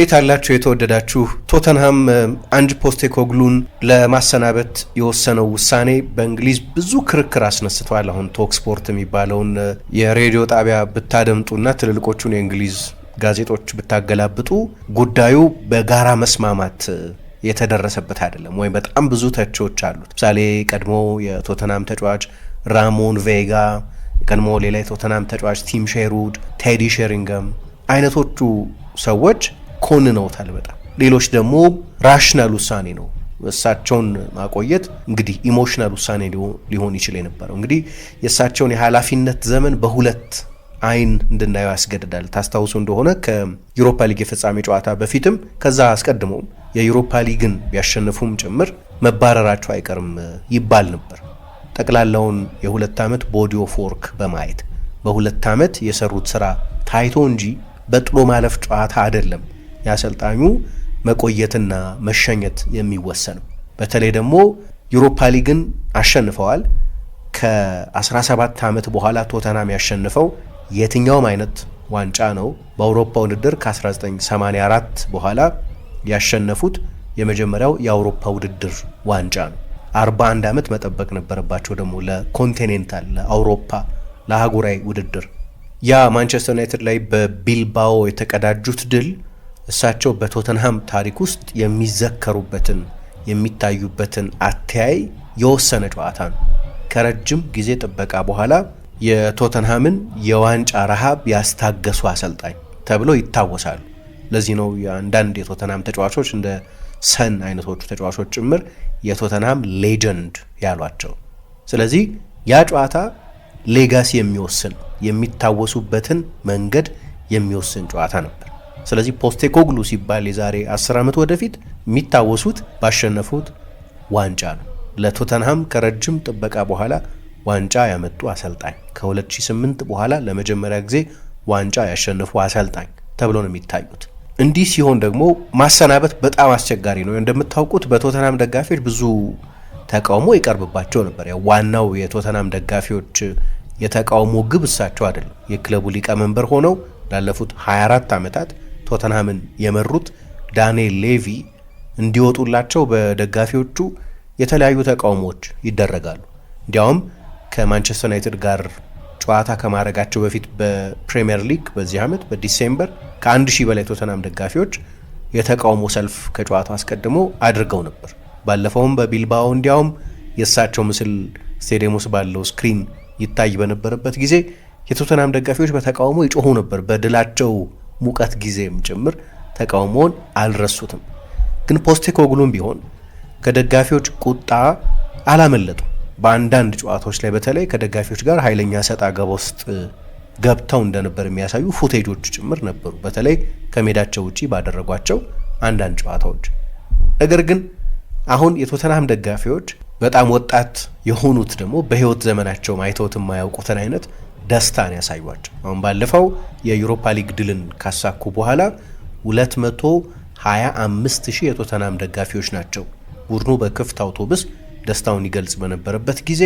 እንዴት አላችሁ የተወደዳችሁ ቶተንሃም አንጅ ፖስቴኮግሉን ለማሰናበት የወሰነው ውሳኔ በእንግሊዝ ብዙ ክርክር አስነስቷል። አሁን ቶክስፖርት የሚባለውን የሬዲዮ ጣቢያ ብታደምጡና ትልልቆቹን የእንግሊዝ ጋዜጦች ብታገላብጡ ጉዳዩ በጋራ መስማማት የተደረሰበት አይደለም ወይም በጣም ብዙ ተቺዎች አሉት። ምሳሌ ቀድሞ የቶተናም ተጫዋች ራሞን ቬጋ፣ ቀድሞ ሌላ የቶተናም ተጫዋች ቲም ሼሩድ፣ ቴዲ ሼሪንገም አይነቶቹ ሰዎች ኮንነውታል በጣም ሌሎች ደግሞ ራሽናል ውሳኔ ነው እሳቸውን ማቆየት እንግዲህ ኢሞሽናል ውሳኔ ሊሆን ይችል የነበረው እንግዲህ የእሳቸውን የኃላፊነት ዘመን በሁለት አይን እንድናየው ያስገድዳል። ታስታውሱ እንደሆነ ከዩሮፓ ሊግ የፍጻሜ ጨዋታ በፊትም ከዛ አስቀድሞም የዩሮፓ ሊግን ቢያሸንፉም ጭምር መባረራቸው አይቀርም ይባል ነበር። ጠቅላላውን የሁለት ዓመት ቦዲ ኦፍ ወርክ በማየት በሁለት ዓመት የሰሩት ስራ ታይቶ እንጂ በጥሎ ማለፍ ጨዋታ አይደለም የአሰልጣኙ መቆየትና መሸኘት የሚወሰነው። በተለይ ደግሞ ዩሮፓ ሊግን አሸንፈዋል። ከ17 ዓመት በኋላ ቶተናም ያሸንፈው የትኛውም አይነት ዋንጫ ነው። በአውሮፓ ውድድር ከ1984 በኋላ ያሸነፉት የመጀመሪያው የአውሮፓ ውድድር ዋንጫ ነው። 41 ዓመት መጠበቅ ነበረባቸው ደግሞ ለኮንቲኔንታል፣ ለአውሮፓ፣ ለአህጉራዊ ውድድር ያ ማንቸስተር ዩናይትድ ላይ በቢልባኦ የተቀዳጁት ድል እሳቸው በቶተንሃም ታሪክ ውስጥ የሚዘከሩበትን የሚታዩበትን አተያይ የወሰነ ጨዋታ ነው። ከረጅም ጊዜ ጥበቃ በኋላ የቶተንሃምን የዋንጫ ረሃብ ያስታገሱ አሰልጣኝ ተብሎ ይታወሳሉ። ለዚህ ነው የአንዳንድ የቶተንሃም ተጫዋቾች እንደ ሰን አይነቶቹ ተጫዋቾች ጭምር የቶተንሃም ሌጀንድ ያሏቸው። ስለዚህ ያ ጨዋታ ሌጋሲ የሚወስን የሚታወሱበትን መንገድ የሚወስን ጨዋታ ነበር። ስለዚህ ፖስቴኮግሉ ሲባል የዛሬ 10 ዓመት ወደፊት የሚታወሱት ባሸነፉት ዋንጫ ነው። ለቶተንሃም ከረጅም ጥበቃ በኋላ ዋንጫ ያመጡ አሰልጣኝ፣ ከ2008 በኋላ ለመጀመሪያ ጊዜ ዋንጫ ያሸነፉ አሰልጣኝ ተብሎ ነው የሚታዩት። እንዲህ ሲሆን ደግሞ ማሰናበት በጣም አስቸጋሪ ነው። እንደምታውቁት በቶተናም ደጋፊዎች ብዙ ተቃውሞ ይቀርብባቸው ነበር። ያው ዋናው የቶተናም ደጋፊዎች የተቃውሞ ግብ እሳቸው አይደለም። የክለቡ ሊቀመንበር ሆነው ላለፉት 24 ዓመታት ቶተንሃምን የመሩት ዳንኤል ሌቪ እንዲወጡላቸው በደጋፊዎቹ የተለያዩ ተቃውሞዎች ይደረጋሉ። እንዲያውም ከማንቸስተር ዩናይትድ ጋር ጨዋታ ከማድረጋቸው በፊት በፕሪምየር ሊግ በዚህ ዓመት በዲሴምበር ከአንድ ሺህ በላይ ቶተንሃም ደጋፊዎች የተቃውሞ ሰልፍ ከጨዋታው አስቀድሞ አድርገው ነበር። ባለፈውም በቢልባኦ እንዲያውም የእሳቸው ምስል ስቴዲየም ውስጥ ባለው ስክሪን ይታይ በነበረበት ጊዜ የቶተናም ደጋፊዎች በተቃውሞ ይጮሁ ነበር። በድላቸው ሙቀት ጊዜም ጭምር ተቃውሞውን አልረሱትም። ግን ፖስቴኮግሉም ቢሆን ከደጋፊዎች ቁጣ አላመለጡም። በአንዳንድ ጨዋታዎች ላይ በተለይ ከደጋፊዎች ጋር ኃይለኛ ሰጥ አገባ ውስጥ ገብተው እንደነበር የሚያሳዩ ፉቴጆች ጭምር ነበሩ፣ በተለይ ከሜዳቸው ውጪ ባደረጓቸው አንዳንድ ጨዋታዎች። ነገር ግን አሁን የቶተናም ደጋፊዎች በጣም ወጣት የሆኑት ደግሞ በህይወት ዘመናቸው አይተውት የማያውቁትን አይነት ደስታን ያሳዩቸው። አሁን ባለፈው የዩሮፓ ሊግ ድልን ካሳኩ በኋላ 225 ሺህ የቶተናም ደጋፊዎች ናቸው ቡድኑ በክፍት አውቶቡስ ደስታውን ይገልጽ በነበረበት ጊዜ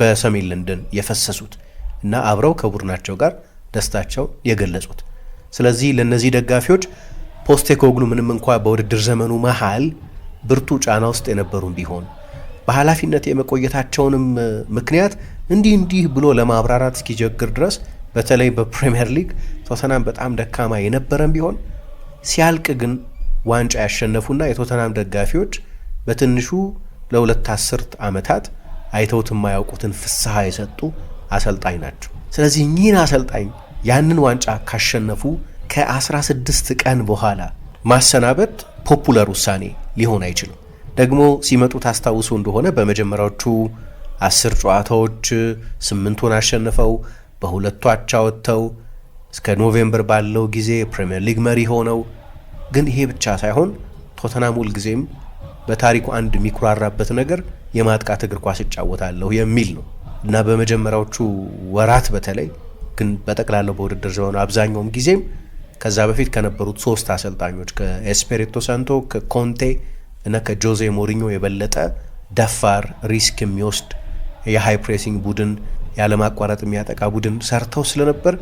በሰሜን ለንደን የፈሰሱት እና አብረው ከቡድናቸው ጋር ደስታቸው የገለጹት። ስለዚህ ለእነዚህ ደጋፊዎች ፖስቴኮግሉ ምንም እንኳ በውድድር ዘመኑ መሃል ብርቱ ጫና ውስጥ የነበሩም ቢሆን በኃላፊነት የመቆየታቸውንም ምክንያት እንዲህ እንዲህ ብሎ ለማብራራት እስኪጀግር ድረስ በተለይ በፕሪምየር ሊግ ቶተናም በጣም ደካማ የነበረም ቢሆን ሲያልቅ ግን ዋንጫ ያሸነፉና የቶተናም ደጋፊዎች በትንሹ ለሁለት አስርት ዓመታት አይተውት የማያውቁትን ፍስሐ የሰጡ አሰልጣኝ ናቸው። ስለዚህ እኚህን አሰልጣኝ ያንን ዋንጫ ካሸነፉ ከ16 ቀን በኋላ ማሰናበት ፖፑለር ውሳኔ ሊሆን አይችልም። ደግሞ ሲመጡ ታስታውሱ እንደሆነ በመጀመሪያዎቹ አስር ጨዋታዎች ስምንቱን አሸንፈው በሁለቱ አቻ ወጥተው እስከ ኖቬምበር ባለው ጊዜ የፕሪምየር ሊግ መሪ ሆነው ግን ይሄ ብቻ ሳይሆን ቶተናም ሁልጊዜም በታሪኩ አንድ የሚኩራራበት ነገር የማጥቃት እግር ኳስ ይጫወታለሁ የሚል ነው እና በመጀመሪያዎቹ ወራት በተለይ ግን በጠቅላላው በውድድር ዘመኑ አብዛኛውም ጊዜም ከዛ በፊት ከነበሩት ሶስት አሰልጣኞች ከኤስፔሪቶ ሳንቶ፣ ከኮንቴ እና ከጆዜ ሞሪኞ የበለጠ ደፋር ሪስክ የሚወስድ የሃይ ፕሬሲንግ ቡድን ያለማቋረጥ የሚያጠቃ ቡድን ሰርተው ስለነበር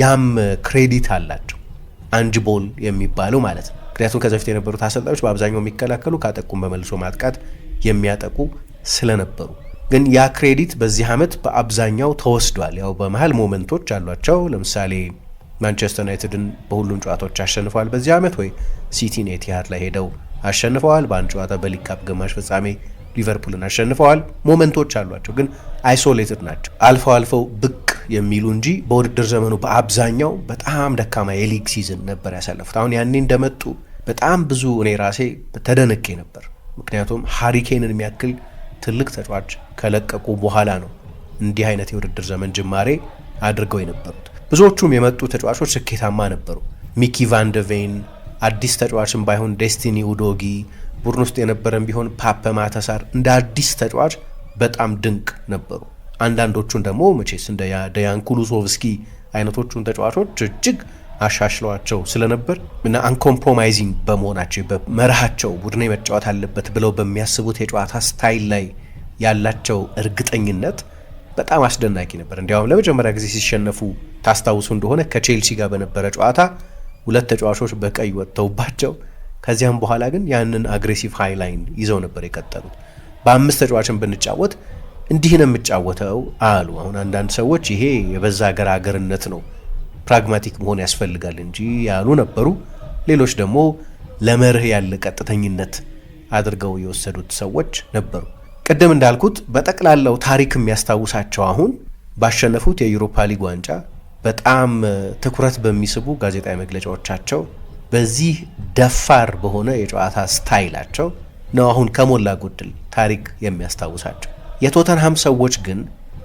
ያም ክሬዲት አላቸው አንጅቦል የሚባለው ማለት ነው። ምክንያቱም ከዚ በፊት የነበሩት አሰልጣኞች በአብዛኛው የሚከላከሉ ካጠቁም በመልሶ ማጥቃት የሚያጠቁ ስለነበሩ ግን ያ ክሬዲት በዚህ ዓመት በአብዛኛው ተወስዷል። ያው በመሀል ሞመንቶች አሏቸው። ለምሳሌ ማንቸስተር ዩናይትድን በሁሉም ጨዋታዎች አሸንፈዋል በዚህ ዓመት ወይ ሲቲን ኤቲሃድ ላይ ሄደው አሸንፈዋል። በአንድ ጨዋታ በሊግ ካፕ ግማሽ ፍጻሜ ሊቨርፑልን አሸንፈዋል። ሞመንቶች አሏቸው፣ ግን አይሶሌትድ ናቸው። አልፈው አልፈው ብቅ የሚሉ እንጂ በውድድር ዘመኑ በአብዛኛው በጣም ደካማ የሊግ ሲዝን ነበር ያሳለፉት። አሁን ያኔ እንደመጡ በጣም ብዙ እኔ ራሴ ተደነቄ ነበር። ምክንያቱም ሃሪኬንን የሚያክል ትልቅ ተጫዋች ከለቀቁ በኋላ ነው እንዲህ አይነት የውድድር ዘመን ጅማሬ አድርገው የነበሩት። ብዙዎቹም የመጡ ተጫዋቾች ስኬታማ ነበሩ። ሚኪ ቫንደቬን አዲስ ተጫዋችን ባይሆን ዴስቲኒ ኡዶጊ ቡድን ውስጥ የነበረን ቢሆን ፓፐ ማተሳር እንደ አዲስ ተጫዋች በጣም ድንቅ ነበሩ። አንዳንዶቹን ደግሞ መቼስ እንደ ደያን ኩሉሶቭስኪ አይነቶቹን ተጫዋቾች እጅግ አሻሽለዋቸው ስለነበር እና አንኮምፕሮማይዚንግ በመሆናቸው በመርሃቸው ቡድን መጫወት አለበት ብለው በሚያስቡት የጨዋታ ስታይል ላይ ያላቸው እርግጠኝነት በጣም አስደናቂ ነበር። እንዲያውም ለመጀመሪያ ጊዜ ሲሸነፉ ታስታውሱ እንደሆነ ከቼልሲ ጋር በነበረ ጨዋታ ሁለት ተጫዋቾች በቀይ ወጥተውባቸው ከዚያም በኋላ ግን ያንን አግሬሲቭ ሃይላይን ይዘው ነበር የቀጠሉት። በአምስት ተጫዋችን ብንጫወት እንዲህ ነው የምጫወተው አሉ። አሁን አንዳንድ ሰዎች ይሄ የበዛ ሀገርነት ነው፣ ፕራግማቲክ መሆን ያስፈልጋል እንጂ ያሉ ነበሩ። ሌሎች ደግሞ ለመርህ ያለ ቀጥተኝነት አድርገው የወሰዱት ሰዎች ነበሩ። ቅድም እንዳልኩት በጠቅላላው ታሪክ የሚያስታውሳቸው አሁን ባሸነፉት የዩሮፓ ሊግ ዋንጫ በጣም ትኩረት በሚስቡ ጋዜጣዊ መግለጫዎቻቸው በዚህ ደፋር በሆነ የጨዋታ ስታይላቸው ነው አሁን ከሞላ ጎደል ታሪክ የሚያስታውሳቸው። የቶተንሃም ሰዎች ግን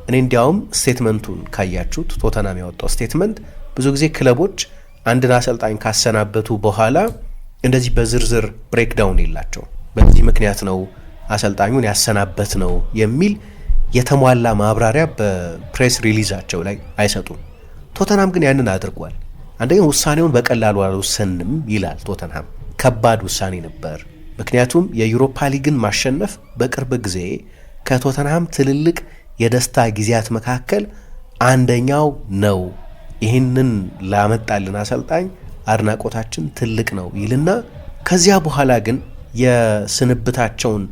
እኔ እንዲያውም ስቴትመንቱን ካያችሁት ቶተንሃም ያወጣው ስቴትመንት ብዙ ጊዜ ክለቦች አንድን አሰልጣኝ ካሰናበቱ በኋላ እንደዚህ በዝርዝር ብሬክዳውን የላቸው። በዚህ ምክንያት ነው አሰልጣኙን ያሰናበት ነው የሚል የተሟላ ማብራሪያ በፕሬስ ሪሊዛቸው ላይ አይሰጡም። ቶተናም ግን ያንን አድርጓል። አንደኛ ውሳኔውን በቀላሉ አልወሰንም ይላል ቶተንሃም። ከባድ ውሳኔ ነበር፣ ምክንያቱም የዩሮፓ ሊግን ማሸነፍ በቅርብ ጊዜ ከቶተንሃም ትልልቅ የደስታ ጊዜያት መካከል አንደኛው ነው። ይህንን ላመጣልን አሰልጣኝ አድናቆታችን ትልቅ ነው ይልና ከዚያ በኋላ ግን የስንብታቸውን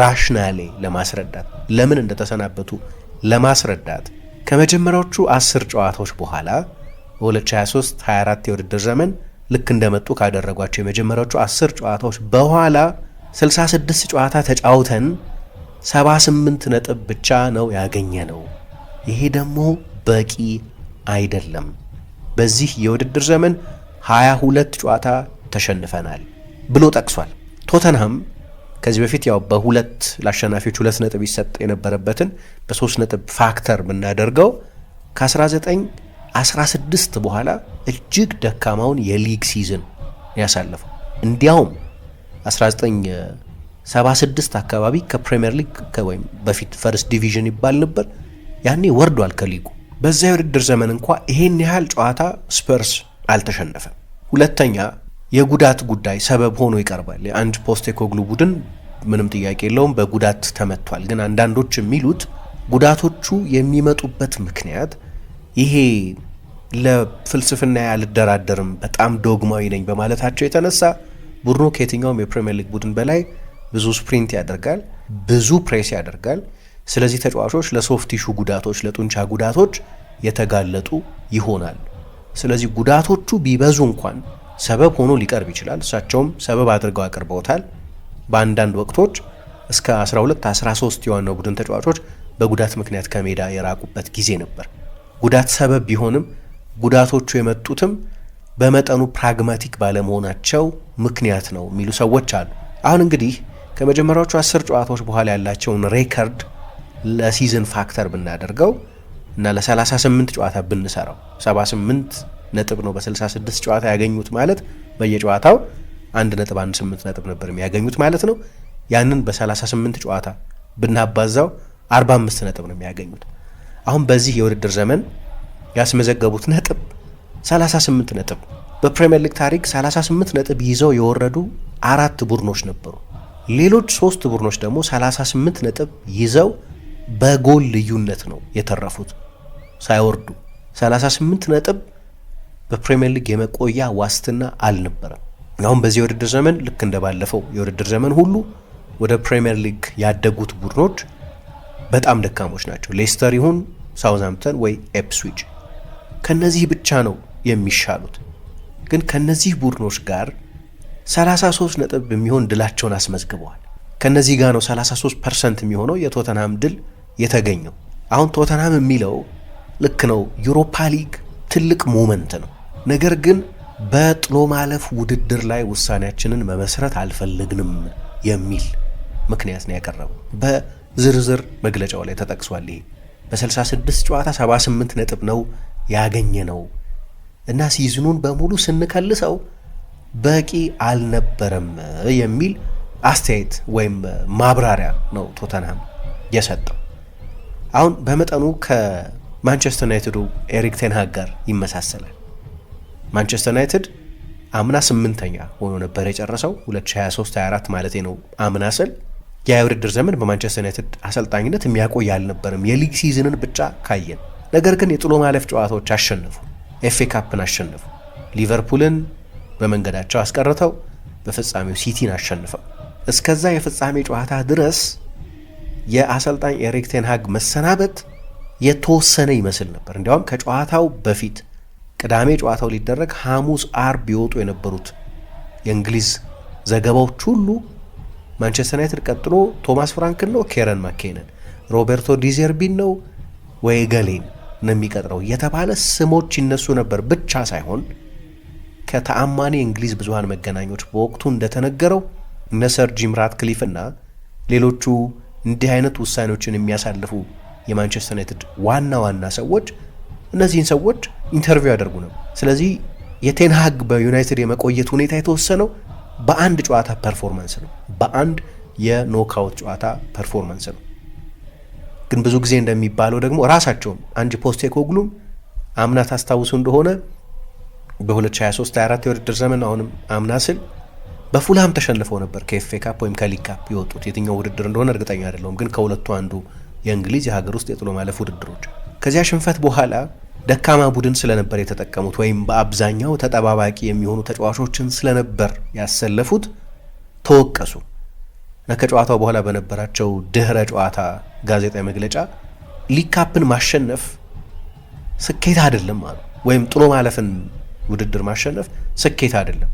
ራሽናሌ ለማስረዳት ለምን እንደተሰናበቱ ለማስረዳት ከመጀመሪያዎቹ አስር ጨዋታዎች በኋላ በ2023 24 የውድድር ዘመን ልክ እንደመጡ ካደረጓቸው የመጀመሪያዎቹ 10 ጨዋታዎች በኋላ 66 ጨዋታ ተጫውተን 78 ነጥብ ብቻ ነው ያገኘ ነው። ይሄ ደግሞ በቂ አይደለም። በዚህ የውድድር ዘመን 22 ጨዋታ ተሸንፈናል ብሎ ጠቅሷል። ቶተንሃም ከዚህ በፊት ያው በሁለት ለአሸናፊዎች ሁለት ነጥብ ይሰጥ የነበረበትን በሶስት ነጥብ ፋክተር ብናደርገው ከ19 16 በኋላ እጅግ ደካማውን የሊግ ሲዝን ያሳለፈው እንዲያውም 1976 አካባቢ ከፕሪምየር ሊግ ወይም በፊት ፈርስት ዲቪዥን ይባል ነበር። ያኔ ወርዷል ከሊጉ። በዛ የውድድር ዘመን እንኳ ይሄን ያህል ጨዋታ ስፐርስ አልተሸነፈም። ሁለተኛ የጉዳት ጉዳይ ሰበብ ሆኖ ይቀርባል። የአንድ ፖስቴኮግሉ ቡድን ምንም ጥያቄ የለውም በጉዳት ተመቷል። ግን አንዳንዶች የሚሉት ጉዳቶቹ የሚመጡበት ምክንያት ይሄ ለፍልስፍና ያልደራደርም በጣም ዶግማዊ ነኝ በማለታቸው የተነሳ ቡድኑ ከየትኛውም የፕሪምየር ሊግ ቡድን በላይ ብዙ ስፕሪንት ያደርጋል፣ ብዙ ፕሬስ ያደርጋል። ስለዚህ ተጫዋቾች ለሶፍት ቲሹ ጉዳቶች፣ ለጡንቻ ጉዳቶች የተጋለጡ ይሆናል። ስለዚህ ጉዳቶቹ ቢበዙ እንኳን ሰበብ ሆኖ ሊቀርብ ይችላል። እሳቸውም ሰበብ አድርገው አቅርበውታል። በአንዳንድ ወቅቶች እስከ 12 13 የዋናው ቡድን ተጫዋቾች በጉዳት ምክንያት ከሜዳ የራቁበት ጊዜ ነበር። ጉዳት ሰበብ ቢሆንም ጉዳቶቹ የመጡትም በመጠኑ ፕራግማቲክ ባለመሆናቸው ምክንያት ነው የሚሉ ሰዎች አሉ። አሁን እንግዲህ ከመጀመሪያዎቹ አስር ጨዋታዎች በኋላ ያላቸውን ሬከርድ ለሲዝን ፋክተር ብናደርገው እና ለ38 ጨዋታ ብንሰራው 78 ነጥብ ነው በ66 ጨዋታ ያገኙት ማለት በየጨዋታው 1 18 ነጥብ ነበር የሚያገኙት ማለት ነው። ያንን በ38 ጨዋታ ብናባዛው 45 ነጥብ ነው የሚያገኙት። አሁን በዚህ የውድድር ዘመን ያስመዘገቡት ነጥብ 38 ነጥብ በፕሪምየር ሊግ ታሪክ 38 ነጥብ ይዘው የወረዱ አራት ቡድኖች ነበሩ። ሌሎች ሶስት ቡድኖች ደግሞ 38 ነጥብ ይዘው በጎል ልዩነት ነው የተረፉት ሳይወርዱ። 38 ነጥብ በፕሪምየር ሊግ የመቆያ ዋስትና አልነበረም። አሁን በዚህ የውድድር ዘመን ልክ እንደባለፈው የውድድር ዘመን ሁሉ ወደ ፕሪምየር ሊግ ያደጉት ቡድኖች በጣም ደካሞች ናቸው። ሌስተር ይሁን ሳውዝሃምፕተን ወይ ኤፕስዊች ከነዚህ ብቻ ነው የሚሻሉት። ግን ከነዚህ ቡድኖች ጋር 33 ነጥብ የሚሆን ድላቸውን አስመዝግበዋል። ከነዚህ ጋር ነው 33 ፐርሰንት የሚሆነው የቶተንሃም ድል የተገኘው። አሁን ቶተንሃም የሚለው ልክ ነው፣ ዩሮፓ ሊግ ትልቅ ሞመንት ነው። ነገር ግን በጥሎ ማለፍ ውድድር ላይ ውሳኔያችንን መመስረት አልፈለግንም የሚል ምክንያት ነው ያቀረበው። ዝርዝር መግለጫው ላይ ተጠቅሷል። ይሄ በ66 ጨዋታ 78 ነጥብ ነው ያገኘ ነው እና ሲዝኑን በሙሉ ስንከልሰው በቂ አልነበረም የሚል አስተያየት ወይም ማብራሪያ ነው ቶተንሃም የሰጠው። አሁን በመጠኑ ከማንቸስተር ዩናይትዱ ኤሪክ ቴንሃግ ጋር ይመሳሰላል። ማንቸስተር ዩናይትድ አምና ስምንተኛ ሆኖ ነበር የጨረሰው 2023/24 ማለት ነው አምና ስል የውድድር ዘመን በማንቸስተር ዩናይትድ አሰልጣኝነት የሚያቆይ አልነበርም የሊግ ሲዝንን ብቻ ካየን። ነገር ግን የጥሎ ማለፍ ጨዋታዎች አሸነፉ። ኤፍ ኤ ካፕን አሸነፉ። ሊቨርፑልን በመንገዳቸው አስቀርተው በፍጻሜው ሲቲን አሸንፈው እስከዛ የፍጻሜ ጨዋታ ድረስ የአሰልጣኝ ኤሪክ ቴንሃግ መሰናበት የተወሰነ ይመስል ነበር። እንዲያውም ከጨዋታው በፊት ቅዳሜ ጨዋታው ሊደረግ ሐሙስ፣ አርብ ይወጡ የነበሩት የእንግሊዝ ዘገባዎች ሁሉ ማንቸስተር ዩናይትድ ቀጥሎ ቶማስ ፍራንክን ነው ኬረን ማኬንን ሮቤርቶ ዲዘርቢን ነው ወይ ገሌን ነው የሚቀጥረው የተባለ ስሞች ይነሱ ነበር ብቻ ሳይሆን ከተአማኒ እንግሊዝ ብዙሀን መገናኞች በወቅቱ እንደተነገረው እነ ሰር ጂም ራትክሊፍና ሌሎቹ እንዲህ አይነት ውሳኔዎችን የሚያሳልፉ የማንቸስተር ዩናይትድ ዋና ዋና ሰዎች እነዚህን ሰዎች ኢንተርቪው ያደርጉ ነበር። ስለዚህ የቴንሃግ በዩናይትድ የመቆየት ሁኔታ የተወሰነው በአንድ ጨዋታ ፐርፎርማንስ ነው፣ በአንድ የኖካውት ጨዋታ ፐርፎርማንስ ነው። ግን ብዙ ጊዜ እንደሚባለው ደግሞ ራሳቸውም አንጅ ፖስቴኮግሉም አምና ታስታውሱ እንደሆነ በ2023/24 የውድድር ዘመን አሁንም አምና ስል በፉልሃም ተሸንፈው ነበር ከኤፌ ካፕ ወይም ከሊግ ካፕ የወጡት። የትኛው ውድድር እንደሆነ እርግጠኛ አይደለሁም፣ ግን ከሁለቱ አንዱ የእንግሊዝ የሀገር ውስጥ የጥሎ ማለፍ ውድድሮች። ከዚያ ሽንፈት በኋላ ደካማ ቡድን ስለነበር የተጠቀሙት ወይም በአብዛኛው ተጠባባቂ የሚሆኑ ተጫዋቾችን ስለነበር ያሰለፉት ተወቀሱ እና ከጨዋታው በኋላ በነበራቸው ድህረ ጨዋታ ጋዜጣዊ መግለጫ ሊካፕን ማሸነፍ ስኬት አይደለም አሉ። ወይም ጥሎ ማለፍን ውድድር ማሸነፍ ስኬት አይደለም።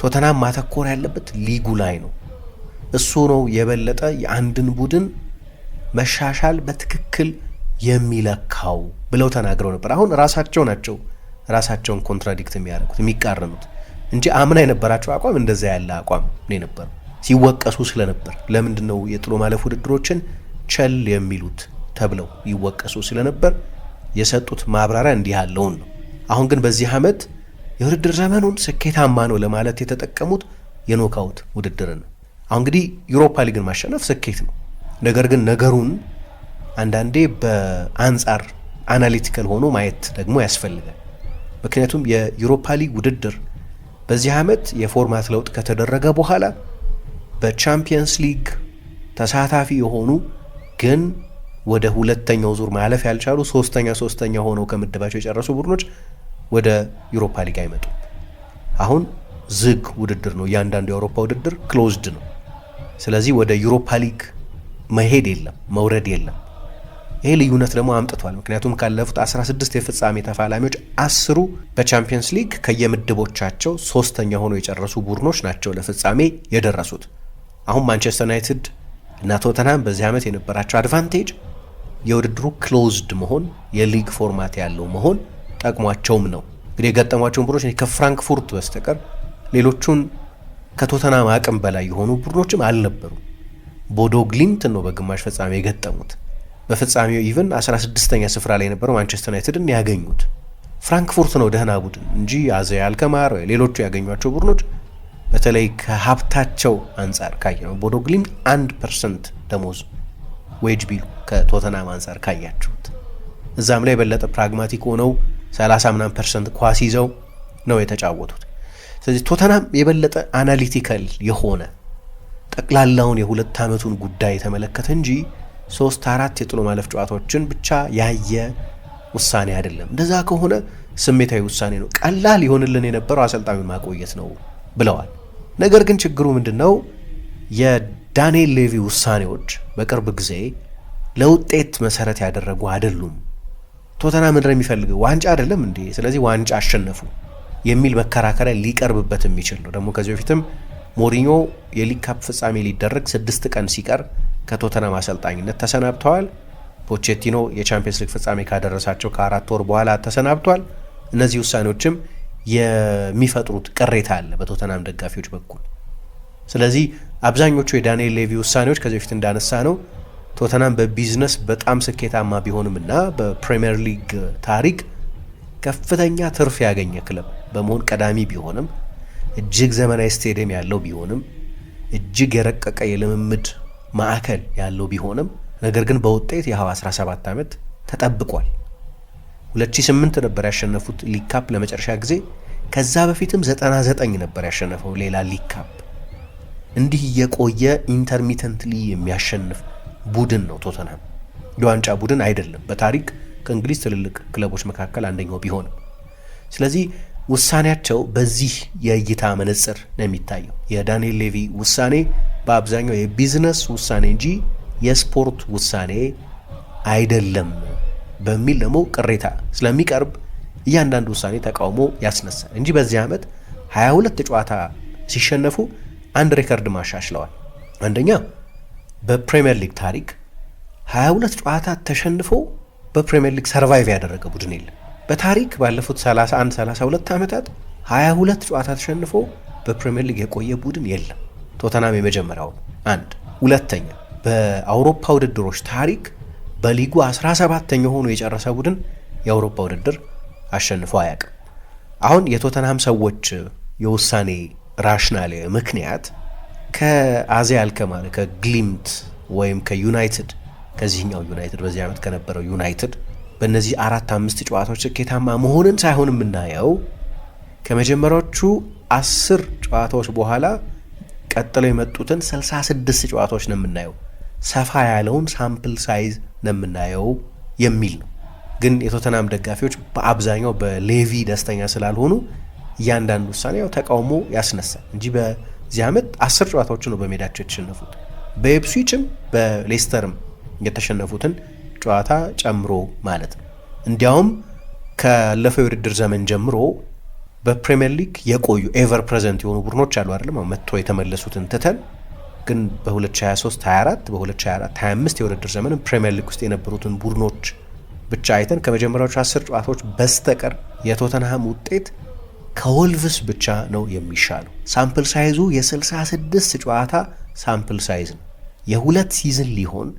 ቶተናም ማተኮር ያለበት ሊጉ ላይ ነው። እሱ ነው የበለጠ የአንድን ቡድን መሻሻል በትክክል የሚለካው ብለው ተናግረው ነበር። አሁን ራሳቸው ናቸው ራሳቸውን ኮንትራዲክት የሚያደርጉት የሚቃረኑት እንጂ አምና የነበራቸው አቋም እንደዛ ያለ አቋም ነው የነበረው። ሲወቀሱ ስለነበር ለምንድን ነው የጥሎ ማለፍ ውድድሮችን ቸል የሚሉት ተብለው ይወቀሱ ስለነበር የሰጡት ማብራሪያ እንዲህ ያለውን ነው። አሁን ግን በዚህ ዓመት የውድድር ዘመኑን ስኬታማ ነው ለማለት የተጠቀሙት የኖካውት ውድድርን ነው። አሁን እንግዲህ ዩሮፓ ሊግን ማሸነፍ ስኬት ነው። ነገር ግን ነገሩን አንዳንዴ በአንጻር አናሊቲካል ሆኖ ማየት ደግሞ ያስፈልጋል። ምክንያቱም የዩሮፓ ሊግ ውድድር በዚህ ዓመት የፎርማት ለውጥ ከተደረገ በኋላ በቻምፒየንስ ሊግ ተሳታፊ የሆኑ ግን ወደ ሁለተኛው ዙር ማለፍ ያልቻሉ ሶስተኛ ሶስተኛ ሆነው ከምድባቸው የጨረሱ ቡድኖች ወደ ዩሮፓ ሊግ አይመጡም። አሁን ዝግ ውድድር ነው። እያንዳንዱ የአውሮፓ ውድድር ክሎዝድ ነው። ስለዚህ ወደ ዩሮፓ ሊግ መሄድ የለም፣ መውረድ የለም። ይሄ ልዩነት ደግሞ አምጥቷል። ምክንያቱም ካለፉት 16 የፍጻሜ ተፋላሚዎች አስሩ በቻምፒየንስ ሊግ ከየምድቦቻቸው ሶስተኛ ሆኖ የጨረሱ ቡድኖች ናቸው ለፍጻሜ የደረሱት። አሁን ማንቸስተር ዩናይትድ እና ቶተናም በዚህ ዓመት የነበራቸው አድቫንቴጅ የውድድሩ ክሎዝድ መሆን የሊግ ፎርማት ያለው መሆን ጠቅሟቸውም ነው። እንግዲህ የገጠሟቸውን ቡድኖች ከፍራንክፉርት በስተቀር ሌሎቹን ከቶተናም አቅም በላይ የሆኑ ቡድኖችም አልነበሩም። ቦዶ ግሊምትን ነው በግማሽ ፍጻሜ የገጠሙት። በፍጻሜው ኢቨን 16ኛ ስፍራ ላይ የነበረው ማንቸስተር ዩናይትድን ያገኙት ፍራንክፉርት ነው ደህና ቡድን እንጂ አዘ አልከማር ሌሎቹ ያገኟቸው ቡድኖች በተለይ ከሀብታቸው አንጻር ካየ ነው። ቦዶ ግሊምት አንድ ፐርሰንት ደሞዝ ዌጅ ቢሉ ከቶተናም አንጻር ካያችሁት እዛም ላይ የበለጠ ፕራግማቲክ ሆነው 30 ምናምን ፐርሰንት ኳስ ይዘው ነው የተጫወቱት። ስለዚህ ቶተናም የበለጠ አናሊቲካል የሆነ ጠቅላላውን የሁለት ዓመቱን ጉዳይ የተመለከተ እንጂ ሶስት አራት የጥሎ ማለፍ ጨዋታዎችን ብቻ ያየ ውሳኔ አይደለም። እንደዛ ከሆነ ስሜታዊ ውሳኔ ነው። ቀላል ይሆንልን የነበረው አሰልጣኙ ማቆየት ነው ብለዋል። ነገር ግን ችግሩ ምንድን ነው? የዳንኤል ሌቪ ውሳኔዎች በቅርብ ጊዜ ለውጤት መሰረት ያደረጉ አይደሉም። ቶተና ምንድን ነው የሚፈልገው? ዋንጫ አይደለም እንዴ? ስለዚህ ዋንጫ አሸነፉ የሚል መከራከሪያ ሊቀርብበት የሚችል ነው። ደግሞ ከዚህ በፊትም ሞሪኞ የሊግ ካፕ ፍጻሜ ሊደረግ ስድስት ቀን ሲቀር ከቶተናም አሰልጣኝነት ተሰናብተዋል። ፖቼቲኖ የቻምፒየንስ ሊግ ፍጻሜ ካደረሳቸው ከአራት ወር በኋላ ተሰናብቷል። እነዚህ ውሳኔዎችም የሚፈጥሩት ቅሬታ አለ በቶተናም ደጋፊዎች በኩል። ስለዚህ አብዛኞቹ የዳንኤል ሌቪ ውሳኔዎች ከዚህ በፊት እንዳነሳ ነው ቶተናም በቢዝነስ በጣም ስኬታማ ቢሆንም እና በፕሪምየር ሊግ ታሪክ ከፍተኛ ትርፍ ያገኘ ክለብ በመሆን ቀዳሚ ቢሆንም እጅግ ዘመናዊ ስቴዲየም ያለው ቢሆንም እጅግ የረቀቀ የልምምድ ማዕከል ያለው ቢሆንም ነገር ግን በውጤት የሀዋ 17 ዓመት ተጠብቋል። 2008 ነበር ያሸነፉት ሊካፕ ለመጨረሻ ጊዜ። ከዛ በፊትም 99 ነበር ያሸነፈው ሌላ ሊካፕ። እንዲህ የቆየ ኢንተርሚተንትሊ የሚያሸንፍ ቡድን ነው ቶተንሃም። የዋንጫ ቡድን አይደለም በታሪክ ከእንግሊዝ ትልልቅ ክለቦች መካከል አንደኛው ቢሆንም ስለዚህ ውሳኔያቸው በዚህ የእይታ መነጽር ነው የሚታየው። የዳንኤል ሌቪ ውሳኔ በአብዛኛው የቢዝነስ ውሳኔ እንጂ የስፖርት ውሳኔ አይደለም በሚል ደግሞ ቅሬታ ስለሚቀርብ እያንዳንዱ ውሳኔ ተቃውሞ ያስነሳል እንጂ በዚህ ዓመት 22 ጨዋታ ሲሸነፉ አንድ ሬከርድ ማሻሽለዋል። አንደኛ በፕሪምየር ሊግ ታሪክ 22 ጨዋታ ተሸንፎ በፕሪምየር ሊግ ሰርቫይቭ ያደረገ ቡድን የለም። በታሪክ ባለፉት 31 32 ዓመታት 22 ጨዋታ ተሸንፎ በፕሪምየር ሊግ የቆየ ቡድን የለም። ቶተናም የመጀመሪያው አንድ ሁለተኛ በአውሮፓ ውድድሮች ታሪክ በሊጉ 17ተኛ ሆኖ የጨረሰ ቡድን የአውሮፓ ውድድር አሸንፎ አያውቅም። አሁን የቶተናም ሰዎች የውሳኔ ራሽናል ምክንያት ከአዚያ አልከማር ከግሊምት ወይም ከዩናይትድ ከዚህኛው ዩናይትድ በዚህ ዓመት ከነበረው ዩናይትድ በእነዚህ አራት አምስት ጨዋታዎች ስኬታማ መሆንን ሳይሆን የምናየው ከመጀመሪያዎቹ አስር ጨዋታዎች በኋላ ቀጥለው የመጡትን 66 ጨዋታዎች ነው የምናየው። ሰፋ ያለውን ሳምፕል ሳይዝ ነው የምናየው የሚል ነው። ግን የቶተናም ደጋፊዎች በአብዛኛው በሌቪ ደስተኛ ስላልሆኑ እያንዳንዱ ውሳኔ ያው ተቃውሞ ያስነሳል እንጂ በዚህ ዓመት አስር ጨዋታዎች ነው በሜዳቸው የተሸነፉት። በኤፕስዊችም በሌስተርም የተሸነፉትን ጨዋታ ጨምሮ ማለት ነው። እንዲያውም ካለፈው የውድድር ዘመን ጀምሮ በፕሪምየር ሊግ የቆዩ ኤቨር ፕሬዘንት የሆኑ ቡድኖች አሉ አይደለም መጥቶ የተመለሱትን ትተን ግን በ2023 24 በ2024 25 የውድድር ዘመን ፕሪምየር ሊግ ውስጥ የነበሩትን ቡድኖች ብቻ አይተን ከመጀመሪያዎቹ አስር ጨዋታዎች በስተቀር የቶተንሃም ውጤት ከወልቭስ ብቻ ነው የሚሻለው። ሳምፕል ሳይዙ የ66 ጨዋታ ሳምፕል ሳይዝ ነው። የሁለት ሲዝን ሊሆን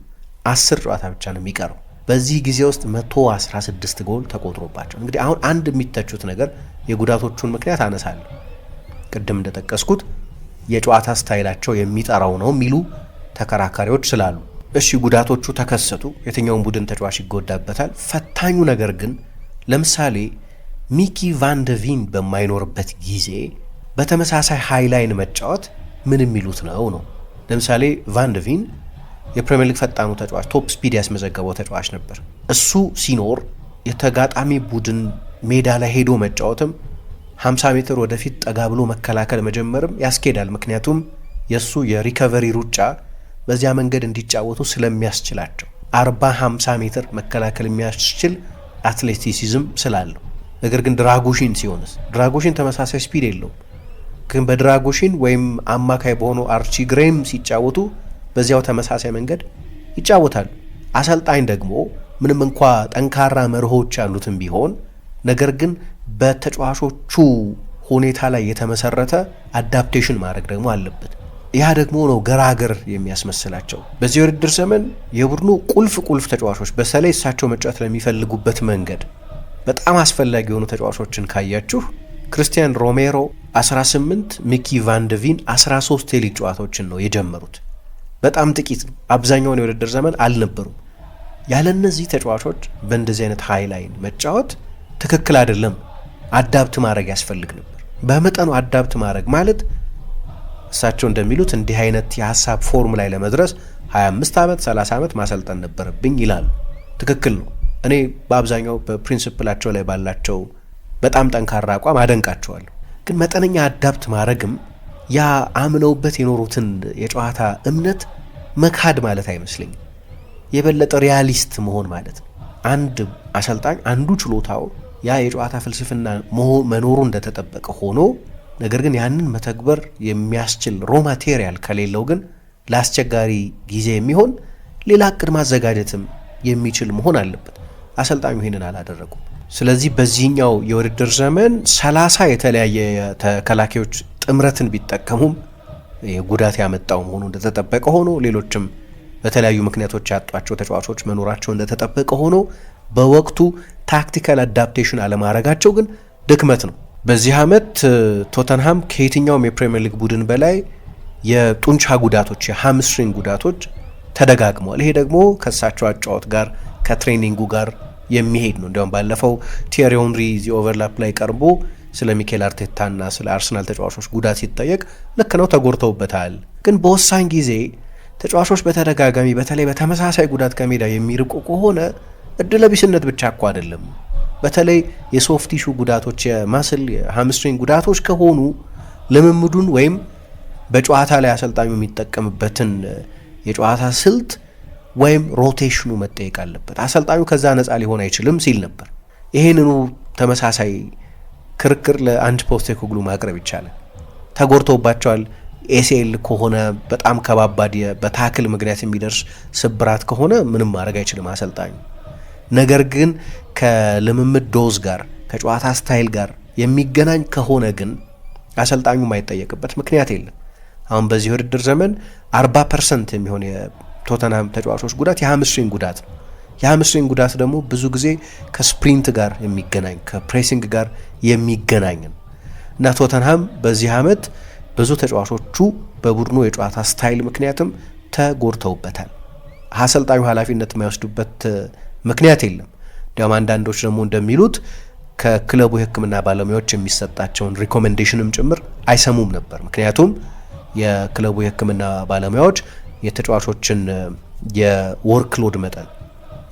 አስር ጨዋታ ብቻ ነው የሚቀረው። በዚህ ጊዜ ውስጥ 116 ጎል ተቆጥሮባቸው እንግዲህ አሁን አንድ የሚተቹት ነገር የጉዳቶቹን ምክንያት አነሳለሁ። ቅድም እንደጠቀስኩት የጨዋታ ስታይላቸው የሚጠራው ነው የሚሉ ተከራካሪዎች ስላሉ፣ እሺ ጉዳቶቹ ተከሰቱ፣ የትኛውን ቡድን ተጫዋች ይጎዳበታል። ፈታኙ ነገር ግን ለምሳሌ ሚኪ ቫንደቪን በማይኖርበት ጊዜ በተመሳሳይ ሃይላይን መጫወት ምን የሚሉት ነው ነው ለምሳሌ ቫንደቪን የፕሪምየር ሊግ ፈጣኑ ተጫዋች ቶፕ ስፒድ ያስመዘገበው ተጫዋች ነበር። እሱ ሲኖር የተጋጣሚ ቡድን ሜዳ ላይ ሄዶ መጫወትም 50 ሜትር ወደፊት ጠጋ ብሎ መከላከል መጀመርም ያስኬዳል። ምክንያቱም የእሱ የሪከቨሪ ሩጫ በዚያ መንገድ እንዲጫወቱ ስለሚያስችላቸው 40 50 ሜትር መከላከል የሚያስችል አትሌቲሲዝም ስላለው። ነገር ግን ድራጎሽን ሲሆንስ ድራጎሽን ተመሳሳይ ስፒድ የለውም። ግን በድራጎሽን ወይም አማካይ በሆነው አርቺ ግሬም ሲጫወቱ በዚያው ተመሳሳይ መንገድ ይጫወታሉ። አሰልጣኝ ደግሞ ምንም እንኳ ጠንካራ መርሆች ያሉትም ቢሆን ነገር ግን በተጫዋቾቹ ሁኔታ ላይ የተመሰረተ አዳፕቴሽን ማድረግ ደግሞ አለበት። ያ ደግሞ ነው ገራገር የሚያስመስላቸው። በዚህ ውድድር ዘመን የቡድኑ ቁልፍ ቁልፍ ተጫዋቾች በተለይ እሳቸው መጫወት ለሚፈልጉበት መንገድ በጣም አስፈላጊ የሆኑ ተጫዋቾችን ካያችሁ ክርስቲያን ሮሜሮ 18፣ ሚኪ ቫንደቪን 13 የሊግ ጨዋታዎችን ነው የጀመሩት። በጣም ጥቂት ነው። አብዛኛውን የውድድር ዘመን አልነበሩም። ያለ እነዚህ ተጫዋቾች በእንደዚህ አይነት ሀይ ላይን መጫወት ትክክል አይደለም። አዳብት ማድረግ ያስፈልግ ነበር። በመጠኑ አዳብት ማድረግ ማለት እሳቸው እንደሚሉት እንዲህ አይነት የሀሳብ ፎርም ላይ ለመድረስ 25 ዓመት 30 ዓመት ማሰልጠን ነበረብኝ ይላሉ። ትክክል ነው። እኔ በአብዛኛው በፕሪንስፕላቸው ላይ ባላቸው በጣም ጠንካራ አቋም አደንቃቸዋለሁ። ግን መጠነኛ አዳብት ማድረግም ያ አምነውበት የኖሩትን የጨዋታ እምነት መካድ ማለት አይመስለኝም። የበለጠ ሪያሊስት መሆን ማለት ነው። አንድ አሰልጣኝ አንዱ ችሎታው ያ የጨዋታ ፍልስፍና መኖሩ እንደተጠበቀ ሆኖ ነገር ግን ያንን መተግበር የሚያስችል ሮ ማቴሪያል ከሌለው ግን ለአስቸጋሪ ጊዜ የሚሆን ሌላ እቅድ ማዘጋጀትም የሚችል መሆን አለበት። አሰልጣኙ ይህንን አላደረጉም። ስለዚህ በዚህኛው የውድድር ዘመን ሰላሳ የተለያየ ተከላካዮች ጥምረትን ቢጠቀሙም ጉዳት ያመጣው መሆኑ እንደተጠበቀ ሆኖ ሌሎችም በተለያዩ ምክንያቶች ያጧቸው ተጫዋቾች መኖራቸው እንደተጠበቀ ሆኖ በወቅቱ ታክቲካል አዳፕቴሽን አለማድረጋቸው ግን ድክመት ነው። በዚህ ዓመት ቶተንሃም ከየትኛውም የፕሪምየር ሊግ ቡድን በላይ የጡንቻ ጉዳቶች፣ የሃምስትሪንግ ጉዳቶች ተደጋግመዋል። ይሄ ደግሞ ከእሳቸው አጫወት ጋር ከትሬኒንጉ ጋር የሚሄድ ነው። እንዲያውም ባለፈው ቲየሪ ሄንሪ ዚ ኦቨርላፕ ላይ ቀርቦ ስለ ሚኬል አርቴታና ስለ አርሰናል ተጫዋቾች ጉዳት ሲጠየቅ ልክ ነው፣ ተጎድተውበታል። ግን በወሳኝ ጊዜ ተጫዋቾች በተደጋጋሚ በተለይ በተመሳሳይ ጉዳት ከሜዳ የሚርቁ ከሆነ እድለቢስነት ብቻ እኮ አይደለም። በተለይ የሶፍቲሹ ጉዳቶች፣ የማስል የሃምስትሪንግ ጉዳቶች ከሆኑ ልምምዱን ወይም በጨዋታ ላይ አሰልጣኙ የሚጠቀምበትን የጨዋታ ስልት ወይም ሮቴሽኑ መጠየቅ አለበት። አሰልጣኙ ከዛ ነፃ ሊሆን አይችልም ሲል ነበር። ይህንኑ ተመሳሳይ ክርክር ለአንድ ፖስቴኮግሉ ማቅረብ ይቻላል። ተጎድቶባቸዋል። ኤሲኤል ከሆነ በጣም ከባባድ በታክል ምክንያት የሚደርስ ስብራት ከሆነ ምንም ማድረግ አይችልም አሰልጣኙ። ነገር ግን ከልምምድ ዶዝ ጋር ከጨዋታ ስታይል ጋር የሚገናኝ ከሆነ ግን አሰልጣኙ ማይጠየቅበት ምክንያት የለም። አሁን በዚህ ውድድር ዘመን 40 ፐርሰንት የሚሆን የቶተናም ተጫዋቾች ጉዳት የሃምስትሪንግ ጉዳት ነው። የሀምስትሪንግ ጉዳት ደግሞ ብዙ ጊዜ ከስፕሪንት ጋር የሚገናኝ ከፕሬሲንግ ጋር የሚገናኝ ነው እና ቶተንሃም በዚህ ዓመት ብዙ ተጫዋቾቹ በቡድኑ የጨዋታ ስታይል ምክንያትም ተጎድተውበታል። አሰልጣኙ ኃላፊነት የማይወስዱበት ምክንያት የለም። እንዲያውም አንዳንዶች ደግሞ እንደሚሉት ከክለቡ የሕክምና ባለሙያዎች የሚሰጣቸውን ሪኮሜንዴሽንም ጭምር አይሰሙም ነበር። ምክንያቱም የክለቡ የሕክምና ባለሙያዎች የተጫዋቾችን የወርክሎድ መጠን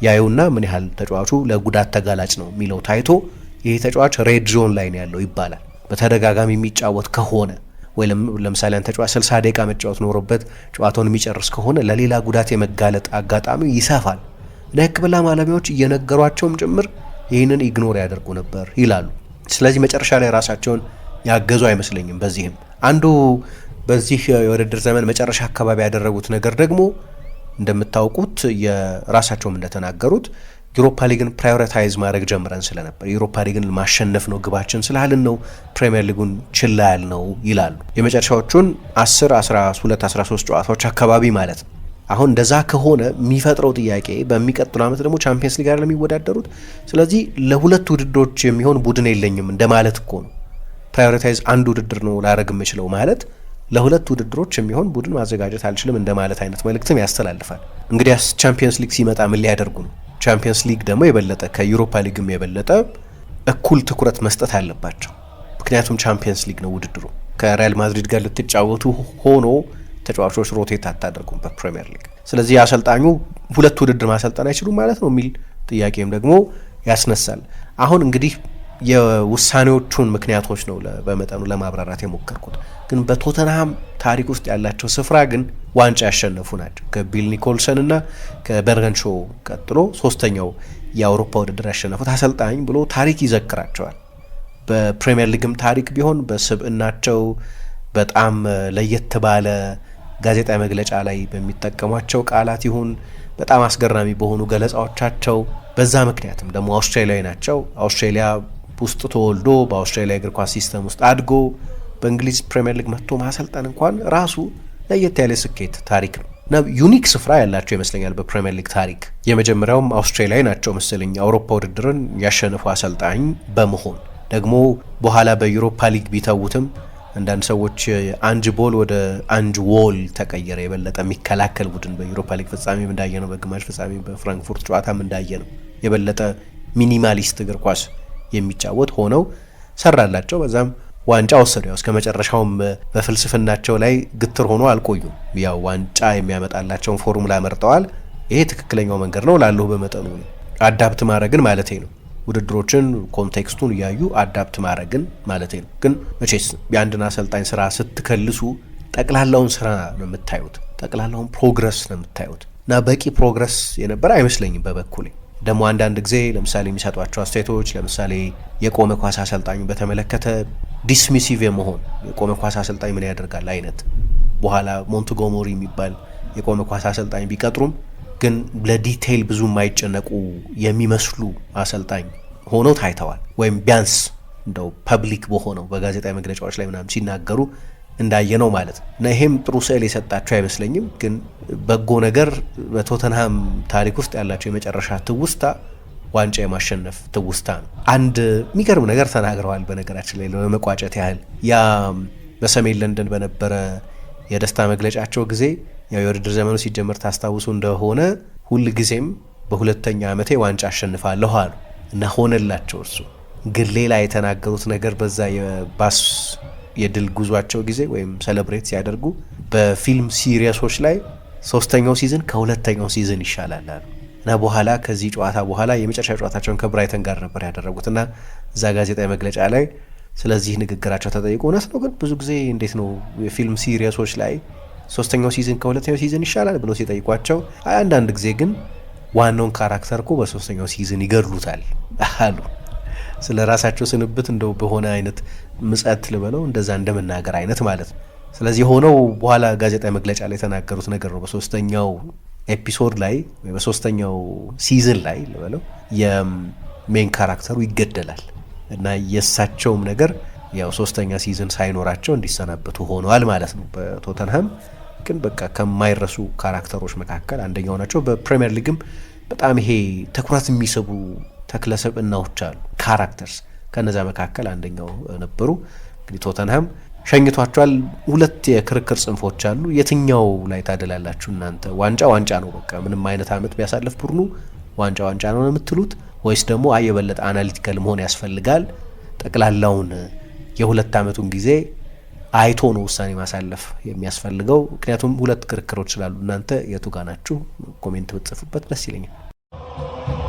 ያዩና ምን ያህል ተጫዋቹ ለጉዳት ተጋላጭ ነው የሚለው ታይቶ ይህ ተጫዋች ሬድ ዞን ላይ ነው ያለው ይባላል። በተደጋጋሚ የሚጫወት ከሆነ ወይም ለምሳሌ አንድ ተጫዋች 60 ደቂቃ መጫወት ኖሮበት ጨዋታውን የሚጨርስ ከሆነ ለሌላ ጉዳት የመጋለጥ አጋጣሚው ይሰፋል እና ሕክምና ባለሙያዎች እየነገሯቸውም ጭምር ይህንን ኢግኖር ያደርጉ ነበር ይላሉ። ስለዚህ መጨረሻ ላይ ራሳቸውን ያገዙ አይመስለኝም። በዚህም አንዱ በዚህ የውድድር ዘመን መጨረሻ አካባቢ ያደረጉት ነገር ደግሞ እንደምታውቁት የራሳቸውም እንደተናገሩት ዩሮፓ ሊግን ፕራዮሪታይዝ ማድረግ ጀምረን ስለነበር ዩሮፓ ሊግን ማሸነፍ ነው ግባችን ስላልን ነው ፕሪምየር ሊጉን ችላ ያል ነው ይላሉ። የመጨረሻዎቹን 10፣ 12፣ 13 ጨዋታዎች አካባቢ ማለት ነው። አሁን እንደዛ ከሆነ የሚፈጥረው ጥያቄ በሚቀጥሉ ዓመት ደግሞ ቻምፒየንስ ሊግ አይደለም የሚወዳደሩት። ስለዚህ ለሁለት ውድድሮች የሚሆን ቡድን የለኝም እንደማለት እኮ ነው። ፕራዮሪታይዝ አንድ ውድድር ነው ላረግ የምችለው ማለት ለሁለት ውድድሮች የሚሆን ቡድን ማዘጋጀት አልችልም እንደማለት አይነት መልእክትም ያስተላልፋል። እንግዲያስ ቻምፒየንስ ሊግ ሲመጣ ምን ሊያደርጉ ነው? ቻምፒየንስ ሊግ ደግሞ የበለጠ ከዩሮፓ ሊግም የበለጠ እኩል ትኩረት መስጠት አለባቸው። ምክንያቱም ቻምፒየንስ ሊግ ነው ውድድሩ። ከሪያል ማድሪድ ጋር ልትጫወቱ ሆኖ ተጫዋቾች ሮቴት አታደርጉም በፕሪሚየር ሊግ። ስለዚህ አሰልጣኙ ሁለት ውድድር ማሰልጠን አይችሉም ማለት ነው የሚል ጥያቄም ደግሞ ያስነሳል። አሁን እንግዲህ የውሳኔዎቹን ምክንያቶች ነው በመጠኑ ለማብራራት የሞከርኩት። ግን በቶተንሃም ታሪክ ውስጥ ያላቸው ስፍራ ግን ዋንጫ ያሸነፉ ናቸው። ከቢል ኒኮልሰን እና ከበርገንሾ ቀጥሎ ሶስተኛው የአውሮፓ ውድድር ያሸነፉት አሰልጣኝ ብሎ ታሪክ ይዘክራቸዋል። በፕሪምየር ሊግም ታሪክ ቢሆን በስብእናቸው በጣም ለየት ባለ ጋዜጣ መግለጫ ላይ በሚጠቀሟቸው ቃላት ይሁን በጣም አስገራሚ በሆኑ ገለጻዎቻቸው በዛ ምክንያትም ደግሞ አውስትራሊያዊ ናቸው። አውስትራሊያ ውስጥ ተወልዶ በአውስትራሊያ እግር ኳስ ሲስተም ውስጥ አድጎ በእንግሊዝ ፕሪምየር ሊግ መጥቶ ማሰልጠን እንኳን ራሱ ለየት ያለ ስኬት ታሪክ ነው እና ዩኒክ ስፍራ ያላቸው ይመስለኛል በፕሪምየር ሊግ ታሪክ። የመጀመሪያውም አውስትራሊያዊ ናቸው መሰለኝ አውሮፓ ውድድርን ያሸነፉ አሰልጣኝ በመሆን ደግሞ በኋላ በዩሮፓ ሊግ ቢተውትም አንዳንድ ሰዎች አንጅ ቦል ወደ አንጅ ዎል ተቀየረ። የበለጠ የሚከላከል ቡድን በዩሮፓ ሊግ ፍጻሜም እንዳየ ነው፣ በግማሽ ፍጻሜ በፍራንክፉርት ጨዋታም እንዳየ ነው። የበለጠ ሚኒማሊስት እግር ኳስ የሚጫወት ሆነው ሰራላቸው። በዛም ዋንጫ ወሰዱ። ያው እስከ መጨረሻውም በፍልስፍናቸው ላይ ግትር ሆኖ አልቆዩም። ያው ዋንጫ የሚያመጣላቸውን ፎርሙላ መርጠዋል። ይሄ ትክክለኛው መንገድ ነው ላለሁ በመጠኑ ነው አዳፕት ማድረግን ማለት ነው። ውድድሮችን ኮንቴክስቱን እያዩ አዳፕት ማድረግን ማለት ነው። ግን መቼስ የአንድን አሰልጣኝ ስራ ስትከልሱ ጠቅላላውን ስራ ነው የምታዩት፣ ጠቅላላውን ፕሮግረስ ነው የምታዩት እና በቂ ፕሮግረስ የነበረ አይመስለኝም በበኩሌ። ደግሞ አንዳንድ ጊዜ ለምሳሌ የሚሰጧቸው አስተያየቶች ለምሳሌ የቆመ ኳስ አሰልጣኙ በተመለከተ ዲስሚሲቭ የመሆን የቆመ ኳስ አሰልጣኝ ምን ያደርጋል አይነት በኋላ ሞንትጎሞሪ የሚባል የቆመ ኳስ አሰልጣኝ ቢቀጥሩም ግን ለዲቴይል ብዙ የማይጨነቁ የሚመስሉ አሰልጣኝ ሆነው ታይተዋል። ወይም ቢያንስ እንደው ፐብሊክ በሆነው በጋዜጣዊ መግለጫዎች ላይ ምናምን ሲናገሩ እንዳየ ነው ማለት ነው እና ይሄም ጥሩ ስዕል የሰጣቸው አይመስለኝም። ግን በጎ ነገር በቶተንሃም ታሪክ ውስጥ ያላቸው የመጨረሻ ትውስታ ዋንጫ የማሸነፍ ትውስታ ነው። አንድ የሚገርም ነገር ተናግረዋል። በነገራችን ላይ ለመቋጨት ያህል ያ በሰሜን ለንደን በነበረ የደስታ መግለጫቸው ጊዜ ያው የውድድር ዘመኑ ሲጀምር ታስታውሱ እንደሆነ ሁል ጊዜም በሁለተኛ ዓመቴ ዋንጫ አሸንፋለሁ አሉ እና ሆነላቸው። እርሱ ግን ሌላ የተናገሩት ነገር በዛ የባስ የድል ጉዟቸው ጊዜ ወይም ሰለብሬት ሲያደርጉ በፊልም ሲሪየሶች ላይ ሶስተኛው ሲዝን ከሁለተኛው ሲዝን ይሻላል አሉ እና በኋላ ከዚህ ጨዋታ በኋላ የመጨረሻ ጨዋታቸውን ከብራይተን ጋር ነበር ያደረጉት እና እዛ ጋዜጣዊ መግለጫ ላይ ስለዚህ ንግግራቸው ተጠይቆ እውነት ነው ግን ብዙ ጊዜ እንዴት ነው የፊልም ሲሪየሶች ላይ ሶስተኛው ሲዝን ከሁለተኛው ሲዝን ይሻላል ብሎ ሲጠይቋቸው አንዳንድ ጊዜ ግን ዋናውን ካራክተር እኮ በሶስተኛው ሲዝን ይገድሉታል አሉ። ስለ ራሳቸው ስንብት እንደው በሆነ አይነት ምጸት ልበለው እንደዛ እንደመናገር አይነት ማለት ነው። ስለዚህ የሆነው በኋላ ጋዜጣዊ መግለጫ ላይ የተናገሩት ነገር ነው። በሶስተኛው ኤፒሶድ ላይ ወይ በሶስተኛው ሲዝን ላይ ልበለው የሜን ካራክተሩ ይገደላል እና የእሳቸውም ነገር ያው ሶስተኛ ሲዝን ሳይኖራቸው እንዲሰናበቱ ሆነዋል ማለት ነው በቶተንሃም ግን በቃ ከማይረሱ ካራክተሮች መካከል አንደኛው ናቸው። በፕሪሚየር ሊግም በጣም ይሄ ትኩረት የሚስቡ ተክለሰብእናዎች አሉ፣ ካራክተርስ። ከነዚያ መካከል አንደኛው ነበሩ። እንግዲህ ቶተንሃም ሸኝቷቸዋል። ሁለት የክርክር ጽንፎች አሉ። የትኛው ላይ ታደላላችሁ እናንተ? ዋንጫ ዋንጫ ነው፣ በቃ ምንም አይነት አመት ቢያሳልፍ ቡድኑ ዋንጫ ዋንጫ ነው የምትሉት ወይስ ደግሞ አይ የበለጠ አናሊቲካል መሆን ያስፈልጋል፣ ጠቅላላውን የሁለት አመቱን ጊዜ አይቶ ነው ውሳኔ ማሳለፍ የሚያስፈልገው? ምክንያቱም ሁለት ክርክሮች ስላሉ እናንተ የቱ ጋ ናችሁ? ኮሜንት ብትጽፉበት ደስ ይለኛል።